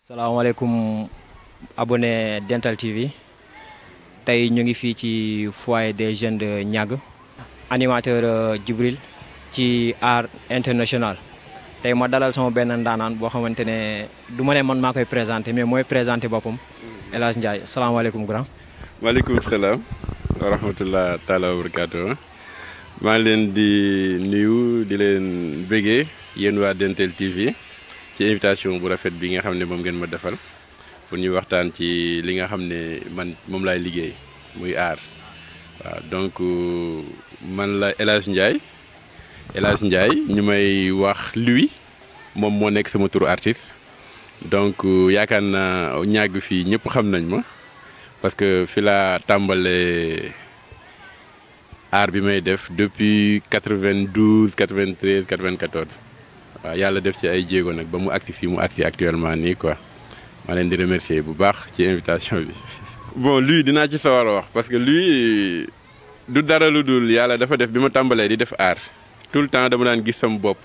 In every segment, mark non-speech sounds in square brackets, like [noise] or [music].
salaamaaleykum abone Dental TV tey ñu ngi fii ci foyer des jeunes de ñag animateur euh, Djibril ci art international tey ma dalal sama benn ndaanaan boo xamante ne du ma ne man maa koy présenté mais mooy présenté boppam El Hadj Ndiaye salaamaaleykum grand. maaleykum salaam wa rahmatullah taala ngi leen di nuyu di leen bëggee yéen waa Dental TV. ci invitation bu rafet bi nga xam ne moom ngeen ma defal pour ñuy waxtaan ci li nga xam ne man moom laay liggéey muy aar waaw donc euh, man la El Hadj Ndiaye El ñu may wax lui moom moo nekk sama tour artiste donc euh, yaakaar na ñàgg fii ñëpp xam nañ ma parce que fi laa tàmbalee aar bi may def depuis 92 93 94. waaw yàlla def ci ay jéego nak ba mu agsi fii mu agsi actuellement ni quoi ma len di remercier bu baax ci invitation bi. [laughs] bon lui dina ci sawar a wax parce que lui du dara lu dul yàlla dafa def bima tambalé di def art tout le temps dama nan gis sam bop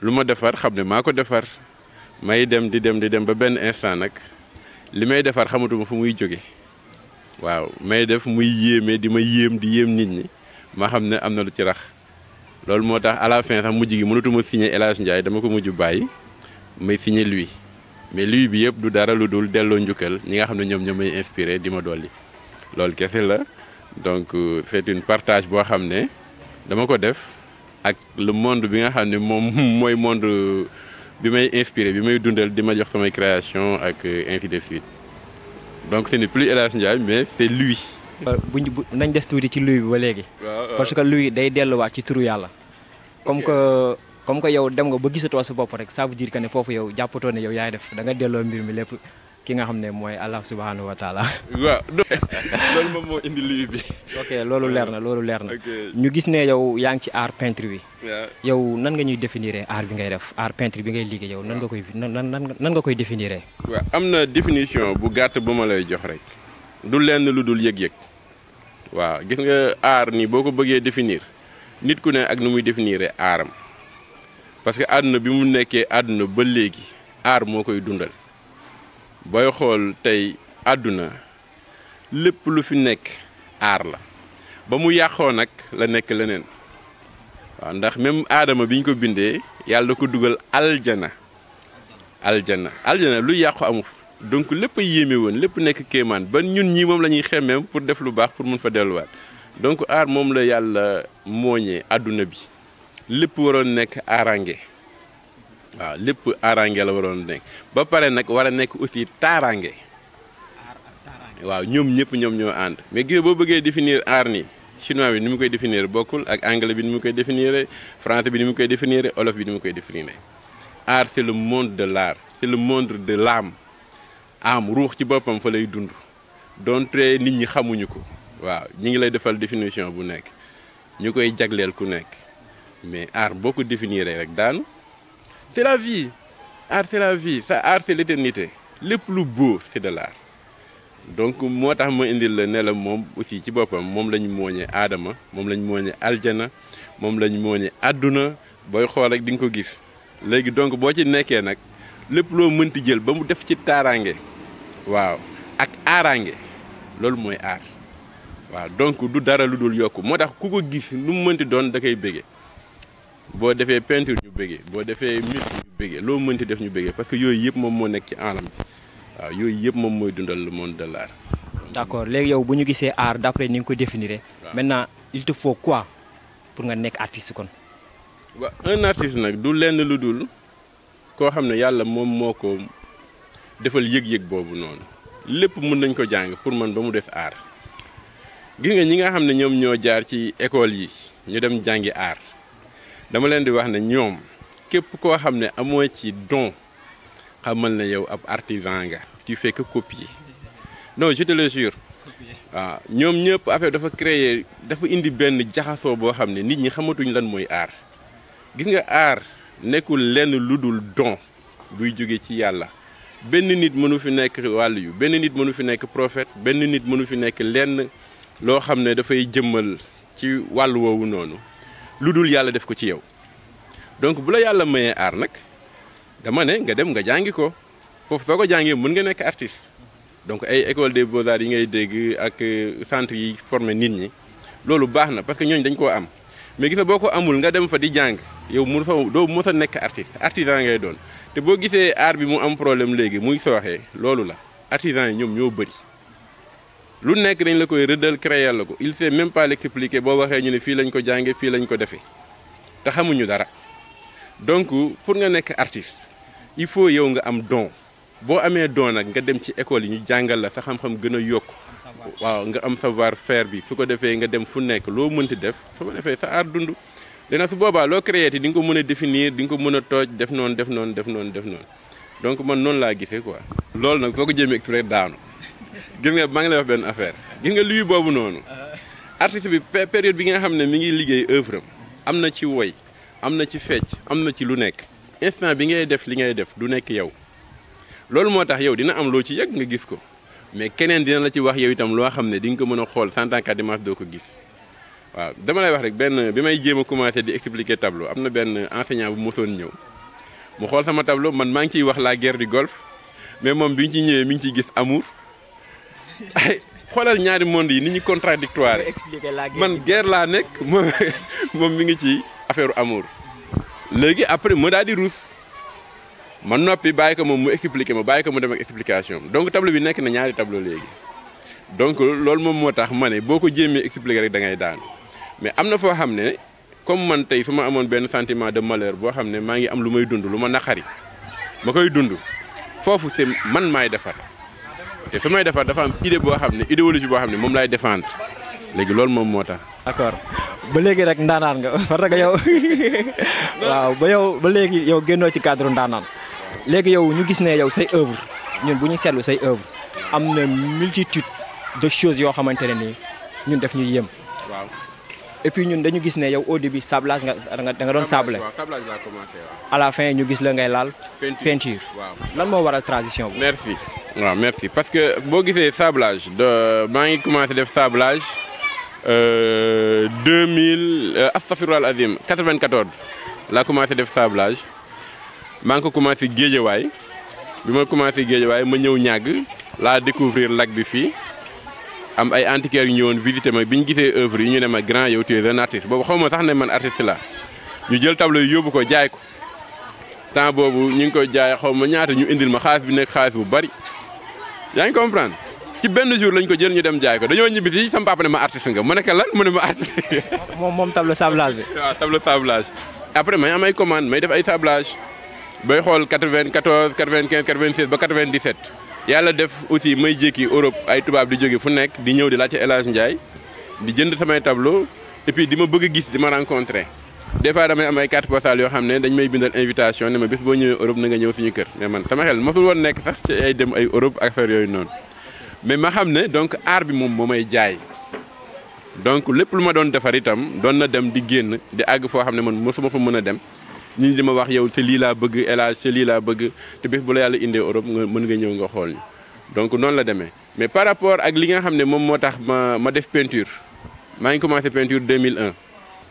luma defar xamné mako defar may dem di dem di dem ba ben instant nak limay defar xamatu fu muy jóge waaw may def muy yéme di ma yéem di yéem nit ñi ma xamné amna lu ci rax loolu motax à la fin sax mujjigi gi mënatuma signé El Ndiaye dama ko mujj bàyyi may signé lui mais lui bi yëpp du dara lu dul delloo njukkal ñi nga xam ne ñoom ñoo may inspiré di ma la donc euh, c'est une partage bo xamné dama ko def ak le monde bi nga xamné mom [laughs] moy monde euh, bi may inspiré bi may dundal dima jox sama création ak euh, ainsi de suite donc ce n'est plus El Ndiaye mais c'est lui buñ nañ des tuuti ci luy bi ba léegi. parce que luy day delluwaat ci turu yàlla. comme que comme que yow dem nga ba gisatoo sa bopp rek ça veut dire ne foofu yow jàppatoo ne yow yaay def danga delloo mbir mi lépp ki nga xam ne mooy allah subhanahu wa taala. [laughs] waaw loolu moom moo indi luy bi. ok loolu leer na loolu leer na. ñu gis ne yow yaa ngi ci art peintre bi. yow nan nga ñuy définir aar bi ngay def art peintre bi ngay liggéey yow nan nga koy nan nan nan nga koy définir. am na définition bu gàtt bu ma lay jox rek. du lenn lu dul yëg-yëg. waaw gis nga aar ni boo ko bëggee définir nit ku ne ak nu muy définir aaram parce que àdduna bi mu nekkee àdduna ba léegi aar moo koy dundal booy xool tey àdduna lépp lu fi nekk aar la ba mu yàqoo nag la nekk leneen waaw ndax même aadama bi ñu ko bindee yàlla da ko dugal aljana aljana aljana lu yàqu amu donc lepp yéme won lepp nek kéman ba ñun ñi mom lañuy ñuy pour def lu baax pour mën fa wat donc aar mom la yalla moñé aduna bi lepp waroon nek arangé wa lepp arangé la waroon nek ba paré nak war nek aussi tarangé wa ñom ñep ñom ñoo ànd mais gis bo bëggé définir aar ni chinois bi ni mu koy définir bokul ak anglais bi ni mu koy définir français bi ni mu koy définir olof bi ni mu koy définir art c'est le monde de l'art c'est le monde de l'âme am ruux ci boppam fa lay dund donte nit ñi xamuñu ko waaw ñi ngi lay defal définition bu nekk ñu koy jagleel ku nekk mais art boo ko définir rek daanu c'est la vie art sa art c'est l'éternité lépp lu beau c'est de donc moo tax ma indil la ne la moom aussi ci boppam moom la ñu mooñee aadama moom la ñu mooñee aljana moom la ñu àdduna booy xool rek di nga ko gis léegi donc boo ci nekkee nag lépp loo mënti jël ba mu def ci taaraange waaw ak aaraange loolu mooy aar waaw donc du dara lu dul yokk moo tax ku ko gis nu mu mënti doon da koy bëggee boo defee peinture ñu bëggee boo defee muscle ñu bëggee loo mënti def ñu bëggee parce que yooyu yëpp moom moo nekk ci alam bi waaw yooyu yëpp moom mooy dundal le monde de l'art d'accord léegi yow bu ñu gisee art d'après ni nga ko définir maintenant il te faut quoi pour nga nekk artiste kon waaw un artiste nag du lenn lu dul koo xam ne yàlla moom moo ko defal yëg-yëg boobu noonu lépp mën nañ ko jàng pour man ba mu des aar gis nga ñi nga xam ne ñoom ñoo jaar ci école yi ñu dem jàngi aar dama leen di wax ne ñoom képp koo xam ne amoo ci don xamal na yow ab artisan nga tu fekk que copier non je le jure waaw ah, ñoom ñëpp affaire dafa créer dafa indi benn jaxasoo boo xam ne nit ñi xamatuñ lan mooy aar gis nga aar nekkul lenn lu dul don buy jóge ci yàlla benn nit mënu fi nekk wàll yu benn nit mënu fi nekk prophète benn nit mënu fi nekk lenn loo xam ne dafay jëmmal ci wàll woowu noonu lu dul yàlla def ko ci yow donc bu la yàlla mayee aar nag dama ne nga dem nga jàngi ko foofu soo ko jàngee mën nga nekk artiste donc ay école des beaux yi ngay dégg ak euh, centre yi formé nit ñi loolu baax na parce que ñooñu dañ koo am mais gis nga boo ko amul nga dem fa di jàng yow mu fa doo mos a nekk artiste artisan ngay doon te boo gisee art bi mu am problème léegi muy sooxee loolu la artisan yi ñoom ñoo bëri lu nekk dañ la koy rëddal créer la ko il sait même pas l' l'expliquer boo waxee ñu ne fii lañ ko jànge fii lañ ko defee te xamuñu dara donc pour nga nekk artiste il faut yow nga am don boo amee don nag nga dem ci école yi ñu jàngal la sa xam-xam gën a yokk waaw nga am savoir faire bi su ko defee nga dem fu nek lo mënti def su ko defee sa aar dundu dina su boobaa lo créer ti ding ko meuna définir ding ko meuna toj def non def non def non def non donc man non la gisee quoi loolu nak soo ko jëmee expliqué daanu gis nga maa ngi lay wax ben affaire gis nga luy bobu noonu artiste bi période bi nga xamné mi ngi liggéey œuvre amna ci woy amna ci fecc amna ci lu nek instant bi ngay def li ngay def du nek yow loolu motax yow dina am lo ci yegg nga gis ko mais keneen dina la ci wax yow itam loo xam ne di nga ko mën a xool en tant que dimanche doo ko gis waaw dama lay wax rek benn bi may jéem a commencé di expliquer tableau am na benn enseignant bu mosoon ñëw mu xool sama tableau man maa ngi ciy wax la guerre du golfe mais moom bi ñu ci ñëwee mi ngi ciy gis amour ay [laughs] xoolal ñaari monde yi ni ñu contradictoire man guerre laa nekk moom [laughs] moom mi ngi ci affaire amour léegi après mu daal di ruus. ma noppi bàyyi ko moom mu expliqué ma bàyyi ko mu dem ak explication donc tableau bi nekk na ñaari tableau léegi donc loolu moom moo tax ma ne boo ko jéemee expliqué rek da ngay daan mais am na foo xam ne comme man tey su ma amoon benn santiment de malheur boo xam ne maa ngi am lu may dund lu ma naqari ma koy dund foofu c'est man maay defar te su may defar dafa am idée boo xam ne idéologie boo xam ne moom laay défendre léegi loolu moom moo tax. d'accord ba léegi rek ndaanaan nga parce [laughs] que yow [laughs] ba yow ba léegi yow génnoo ci cadre ndaanaan. léegi yow ñu gis ne yow say œuvre ñun bu ñu seetlu say œuvre am na multitude de chose yoo xamante ne nii ñun def ñuy yëm. waaw et puis ñun dañu gis ne yow au début sablage nga da nga doon sable sablage laa commencé waaw. à fin ñu gis la ngay laal. peinture waaw lan moo waral transition bi. merci waaw merci parce que boo gisee sablage de maa ngi commencé def sablage 2000 euh, euh, astafirullah azim 94 laa commencé def sablage. maa ngi ko commencé géejawaay bi ma commencé géejawaay ma ñëw ñàgg laa découvrir lac bi fii am ay antiquaires yu ñëwoon visité ma bi ñu gisee œuvre yi ñu ne ma grand yow tu es un artiste boobu xaw ma sax ne man artiste la ñu jël tableau yi yóbbu ko jaay ko temps boobu ñu ngi ko jaay xaw ma ñaata ñu indil ma xaalis bi nekk xaalis bu bari yaa ngi comprendre ci benn jour lañ ko jël ñu dem jaay ko dañoo ñibbisi sama papa ne ma artiste nga mu nekk lan mu ne ma artiste. [laughs] moom moom tableau sablage bi. [laughs] waaw tableau sablage après may am ay commande may def ay sablage. bay xol 94 95 96 ba 97 yalla def aussi may jékki Europe ay tubab di jóge fu nek di ñew di laajte El Hadj di jënd samay tableau et puis dima bëgg gis dima rencontrer des fois damay am ay carte postale yo xamné dañ may bindal invitation né ma bés bo ñëwee Europe na nga ñëw suñu kër né man sama xel mosul won nek sax ci ay dem ay Europe affaire yoy non mais ma xamné donc art bi mom momay jaay donc lepp luma ma doon defar itam doon na dem di génn di àgg foo xam ne man mosuma fa mën a dem ñi di ma wax yow te li la bëgg élage te li la bëgg te bëf bu la yalla indé Europe nga mën nga ñëw nga xol donc non la démé mais par rapport ak li nga xamné mom motax ma ma def peinture ma ngi commencé peinture 2001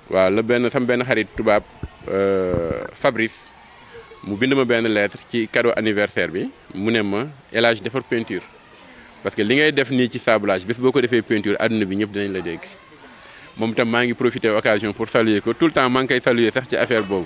wa le ben sama ben xarit euh Fabrice mu bind ma benn lettre ci cadeau anniversaire bi mu ne ma élage defar peinture parce que li ngay def ni ci sablage bés boko défé peinture aduna bi ñëpp dinañ la dégg mom tam ma ngi profité occasion pour saluer ko tout le temps ma ngi koy saluer sax ci affaire bobu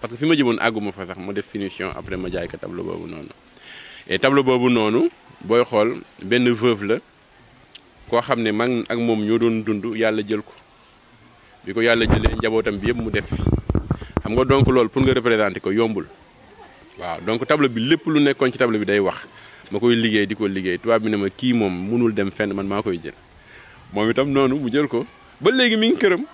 parce que fi ma jëmoon àgguma fa sax ma def finition après ma jaay ko tableau boobu noonu et boobu noonu booy xool benn veuve la koo xam ne man ak moom ñoo doon dund yàlla jël ko bi ko yàlla jëlee njabootam bi yëpp mu def xam nga donc loolu pour nga représenter ko yombul waaw donc table bi lépp lu nekkoon ci tableau bi day wax ma koy liggéey di ko liggéey tubaab bi ne ma kii moom mënul dem fenn man maa koy jël moom itam noonu mu jël ko ba léegi mi ngi këram.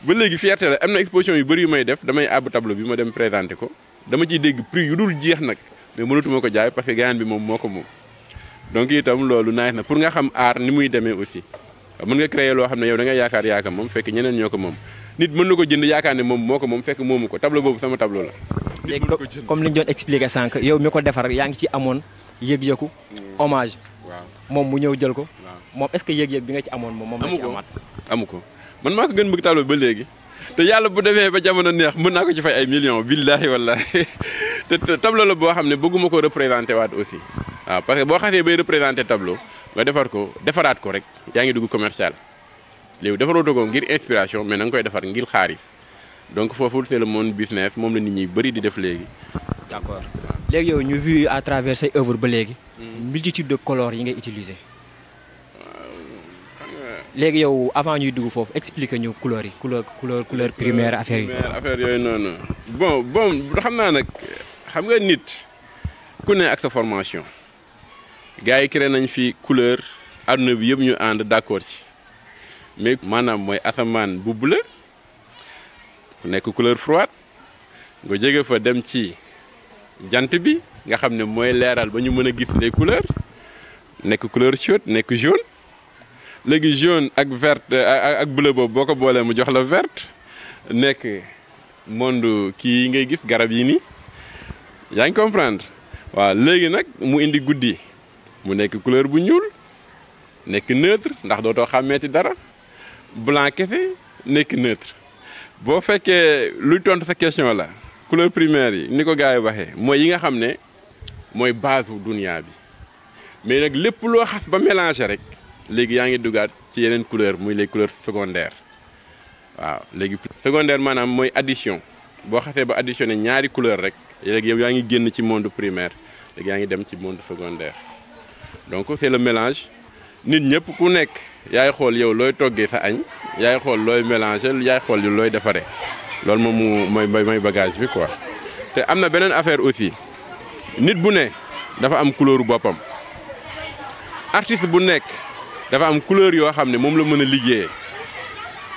ba léegi fierté la am na exposition yu bëri may def damay àbb tableau bi ma dem présenté ko dama ciy dégg prix yu dul jeex nag mais mënatuma ko jaay parce que gayaan bi moom moo ko moom donc itam loolu na pour nga xam aar ni muy demee aussi mën loo xam ne yow da nga yaakaar yaaka moom fekk ñeneen ñoo ko moom nit mën na ko jënd yaakaar ne moom moo ko moom fekk moomu ko tableau boobu sama tableau la léegi comme li ñu doon expliqué sànq yow mi ko defar yaa ngi ci moom mu ñëw jël ko moom est-ce que yëg-yëg bi nga ci amoon moom moom la ci amaat amu ko man maa ko gën bëgg tableau ba léegi te yàlla bu defee ba jamono neex mën naa ko ci fay ay millions billahi wallahi [laughs] te tableau la boo xam ne bëgguma ko représenté waat aussi waaw parce que boo xasee bay représenté tableau nga defar ko defaraat ko rek yaa ngi dugg commercial léegi defarootoo ko ngir inspiration mais na nga koy defar ngir xaalis donc foofu c'est le monde business moom la nit ñi bëri di def léegi. d' accord léegi yow ñu vu à travers say œuvre ba léegi. Hmm. multitude de couleurs yi ngay utiliser léegi yow avant ñuy dugg foofu expliquer ñu couleur couleur couleur primaire affaire yi. primaire affaire yooyu non. bon bon xam naa nag xam nga nit ku ne ak sa formation gars yi créé nañ fi couleur àdduna bi yëpp ñu ànd d'accord ci mais maanaam mooy Athaman, bu bleu nekk couleur froide nga jóge fa dem ci jant bi nga xam ne mooy leeral ba ñu mën a gis les couleurs nekk couleur chaude nekk jaune. Les jaune ak verte ak bleu qui boko ko jox la verte nek monde qui ngay garab yi comprendre mu indi goudi mu nek couleur bu ñuul nek neutre ndax dara blanc nek neutre bo sa question la couleur primaire yi niko ko waxé moy nga base mais nak lepp lo xass ba léegi yaangi ngi dugaat ci yeneen couleur muy les couleurs secondaires waaw légui secondaire maanaam mooy addition boo xasee ba additionné ñaari couleur rek léegi yow yaa ngi génn ci monde primaire léegi yaa ngi dem ci monde secondaire donc c'est le mélange nit ñëpp ku nekk yaay xool yow looy toggee sa añ yaay xool looy mélanger yaay xool yu looy defaree loolu moom mooy mooy bagage bi quoi te am na beneen affaire aussi nit bu ne dafa am couleur boppam artiste bu nekk dafa am couleur yoo xam ne moom la mën a liggéeyee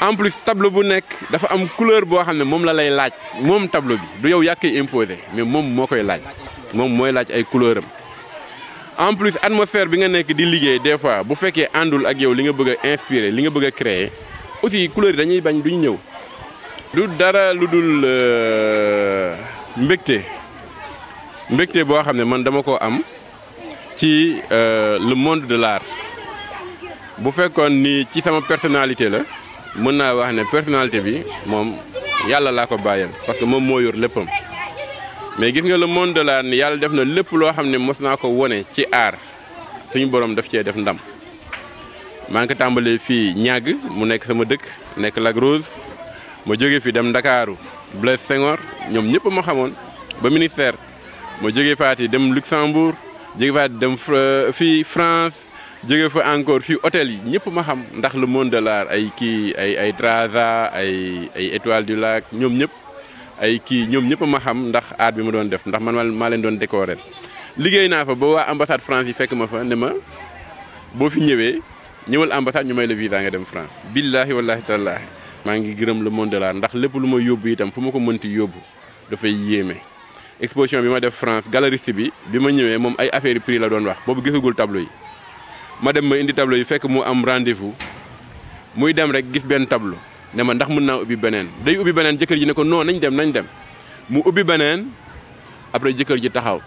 en plus tableau bu nekk dafa am couleur boo xam ne moom la lay laaj moom tableau bi du yow yaa koy imposé mais moom moo koy laaj moom mooy laaj ay couleur am en plus atmosphère bi nga nekk di liggéey des fois bu fekkee àndul ak yow li nga bëgg a li nga bëgg a aussi couleur yi dañuy bañ duñu ñëw. du dara lu dul euh, mbégte mbégte boo xam ne man dama ko am ci euh, le monde de l'art bu fekkoon ci personnalité la mën une personnalité bi moom yàlla laa ko parce que moom moo yor mais le monde de l'art ni def na lépp loo xam ne mos naa ko wone ci aar suñu borom daf cee def ndam maa ko mu sama ministère Luxembourg je faati dem France jóge fa encore fii hôtel yi ñëpp ma xam ndax le monde de l'art ay kii ay ay ay ay Étoile du Lac ñoom ñëpp ay kii ñoom ñëpp ma xam ndax art bi ma doon def ndax man maa leen doon décorer liggéey naa fa ba waa ambassade France yi fekk ma fa ne ma boo fi ñëwee ñëwal ambassade ñu may la visa nga dem France billaahi wallaahi tallaahi maa ngi gërëm le monde de l'art ndax lépp lu ma yóbbu itam fu ma ko mënti yóbbu dafay yéeme exposition bi ma def France galeriste bi bi ma ñëwee moom ay affaire prix la doon wax boobu gisagul tableau ma dem ma indi tableau yi fekk mu am rendez-vous muy dem rek gis ben tableau ne ma ndax mën naa ubbi beneen day ubbi beneen jëkkër ji ne ko non nañ dem nañ dem mu ubbi beneen après jëkkër ji taxaw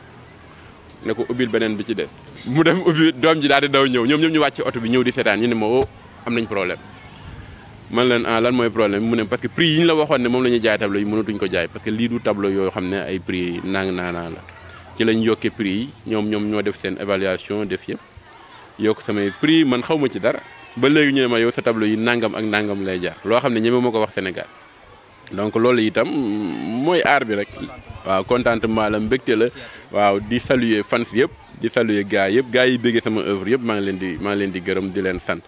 ne ko ubbil beneen bi ci def mu dem ubbi doom ji daal di daw ñëw ñoom ñoom ñu wàcc oto bi ñëw di seetaan ñu ne ma oh, am nañ problème man leen ah lan mooy problème mu ne parce que prix yi ñu la waxoon ne moom la ñuy jaay tableau yi mënatuñ ko jaay parce que lii du tableau yoo xam ne ay prix nang naanaa la ci lañ yokkee prix yi ñoom ñoom ñoo def seen évaluation def yëpp. yokk samay prix man xaw ma ci dara ba léegi ñu ne ma yow sa tableau yi nangam ak nangam lay jaar loo xam ne ñeme ma ko wax Sénégal donc loolu itam mooy aar bi rek waaw contentement maalam mbégte la waaw di saluer fans yëpp di saluer gars yëpp gars yi béggee sama œuvre yëpp maa ngi leen di maa ngi di gërëm di leen sant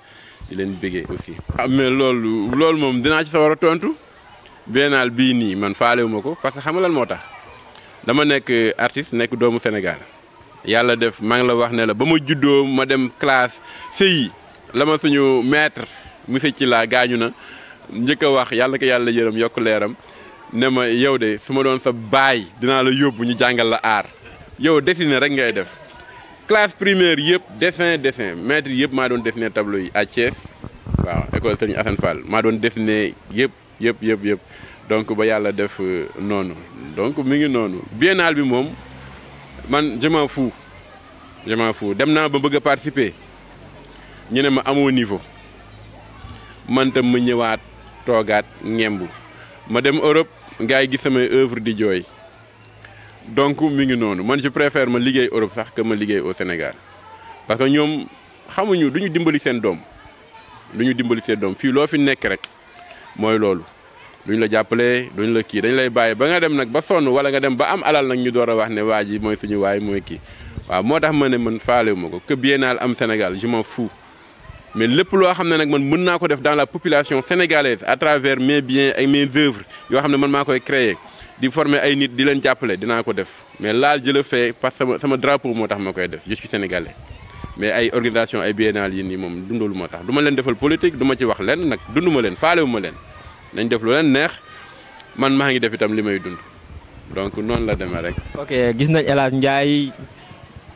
di leen béggee aussi. ah mais loolu loolu moom dinaa ci sa war a tontu benaal bii nii man faalewu ma ko parce que xam nga moo tax dama nekk artiste nekk doomu Sénégal. yàlla def maa ngi la wax ne la ba ma juddoo ma dem classe CI la ma suñu maître monsieur Thila gaañu na njëkk a wax yàlla ko yàlla yërëm yokk leeram ne ma yow de su ma doon sa baay dinaa la yóbbu ñu jàngal la aar yow dessiner rek ngay def classe primaire yëpp dessin dessin maître yëpp maa doon dessiner tableau yi à waaw école Serigne Assane Fall maa doon dessiner yëpp yëpp yëpp yëpp donc ba yàlla def euh, noonu donc mi ngi noonu biennale bi moom. man je fu fous fu dem naa ba bëgg a participer ñu ne ma amoo niveau man tam ma ñëwaat toogaat ngemb ma dem Europe gars yi gis samay œuvre di jooy donc mi ngi noonu man je préfère ma liggéey Europe sax que ma liggéey au Sénégal parce que ñoom xamuñu du ñu dimbali seen doom du ñu dimbali seen doom fii loo fi nekk rek mooy loolu. duñ la jappelé duñ la ki dañ lay baye ba nga dem nak ba sonu wala nga dem ba am alal nak ñu doora wax né waji moy suñu way moy ki waaw motax tax ma man faalewu ma que biennale am Sénégal je m'en fous mais lepp lo xamné nak man mën ko def dans la population sénégalaise à travers mes biens et mes œuvres yo xamné man makoy créer di former ay nit di leen jappelé dina ko def mais laal je le fais parce que sama sama drapeau motax makoy def je suis sénégalais mais ay organisation ay biennale yi ni mom dundalu moo tax du leen defal politique duma ci wax len nak dunduma len leen faalewu dañ def lu leen neex man maa ngi def itam li may dund donc noonu la demee rek. ok gis nañ El Hadj Ndiaye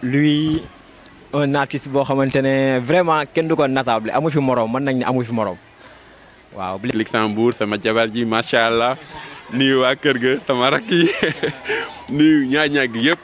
lui un artiste boo xamante ne vraiment kenn du ko natable amu fi morom mën nañ ne amu fi morom waaw. Luxembourg sama jabar ji macha allah nuyu waa kër ga sama rakk yi [laughs] nuyu ñaar ñaar gi yëpp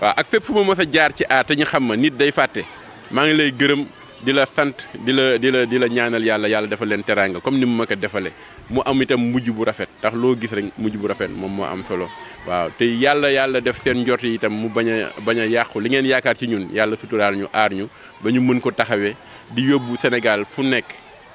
waaw ak fépp fu ma mës a jaar ci aat te ñu xam ma nit day fàtte maa ngi lay gërëm. di la sant di la di la di la ñaanal yàlla yàlla defal leen teraanga comme ni mu ma ko defalee mu am itam mujj bu rafet ndax loo gis rek mujj bu rafet moom moo am solo waaw te yàlla yàlla def seen njort yi itam mu bañ a bañ a yàqu li ngeen yaakaar ci ñun yàlla suturaal ñu aar ñu ba ñu mën ko taxawee di yóbbu Sénégal fu nekk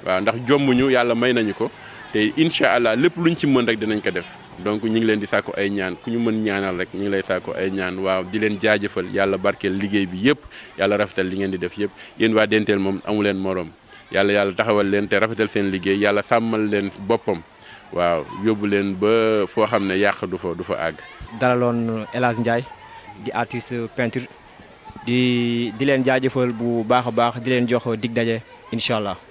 waaw ndax jommuñu yàlla may nañu ko te incha allah lépp lu luñ ci mën rek dinañ ko def. donc ñu ngi leen di sàkku ay ñaan ku ñu mën ñaanal rek ñu ngi lay saako ay ñaan waaw di leen jaajëfal yàlla barkeel liggéey bi yëpp yàlla rafetal li ngeen di def yëpp yéen waa Denteel moom amu leen moroom yàlla yàlla taxawal leen te rafetal seen liggéey yàlla sàmmal leen boppam waaw yóbbu leen ba foo xam ne yàq du fa du fa àgg. dalaloon El Hadj Ndiaye di artiste peintre di di leen jaajëfal bu baax a baax di leen jox dig daje incha allah.